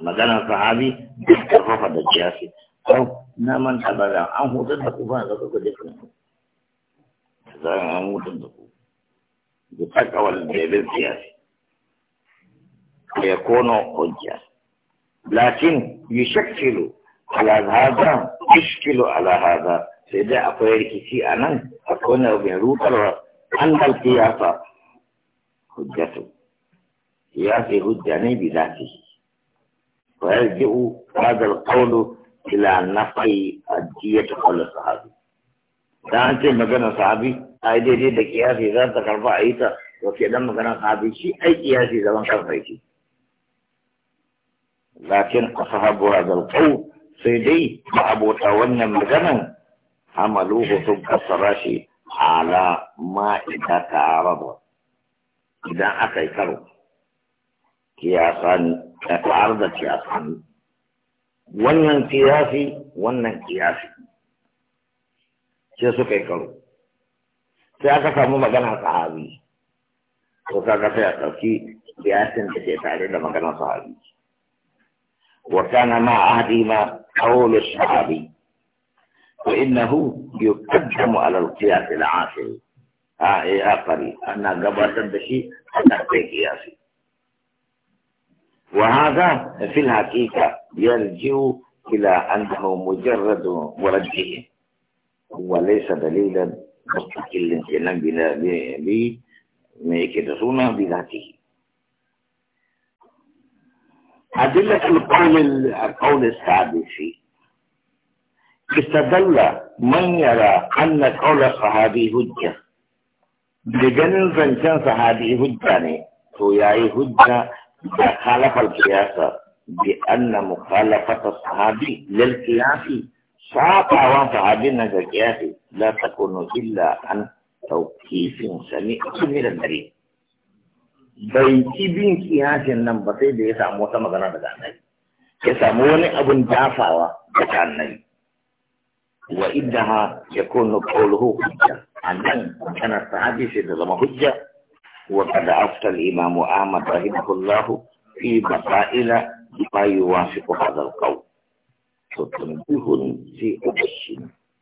maganar sahabi da karfafa da jiyasi au na manta ba da an hutar da ku da kuka jikin ku zan an hutar da ku da takawal jebin jiyasi ya kono hujja lakin yushakkilu ala hada yushkilu ala hada sai dai akwai rikici a nan akwai wani andal mai rutarwa an dalki yasa hujjatu ya fi hujja ne bi zafi ويرجع هذا القول إلى نفع الدية قول الصحابي da an ce magana sahabi a yi daidai da kiyasi za ta karfa a yi ta wace dan magana sahabi shi ai kiyasi zaman karfa yake lakin ashabu hadal qaw sai dai abota wannan maganan hamaluhu hoton kasara shi ala ma ita ta araba idan aka yi karo kiyasan da ta'arda ce a hannu wannan kiyasi wannan kiyasi sai suka yi karo sai aka samu maganar sahabi ko kaga sai a ɗauki kiyasin da ke tare da maganar sahabi wa kana ma ahdi ma qawlu sahabi wa innahu yuqaddamu ala al-qiyas al-asir ha ya eh, akari ana gabatar da shi ana kai kiyasi وهذا في الحقيقة يرجع إلى أنه مجرد ورجعه وليس دليلا مستقلا كلا بلا بميكدسونا بذاته أدلة القول القول السادس استدل من يرى أن قول الصحابي هجة بجنن كان صحابي هجة تو ياي هجة خالف القياس بأن مخالفة الصحابي للقياس صعب صحابينا كالقياس لا تكون إلا عن توقيف سميع من الدليل bai ci bin kiyashin nan ba sai da ya samu wata magana daga annabi ya samu wani abun dafawa daga annabi wa iddaha yakunu qawluhu hujja nan kana sahabi sai da zama hujja وقد أفتى الإمام أحمد رحمه الله في مسائل ما يوافق هذا القول فتنبه في أبشنا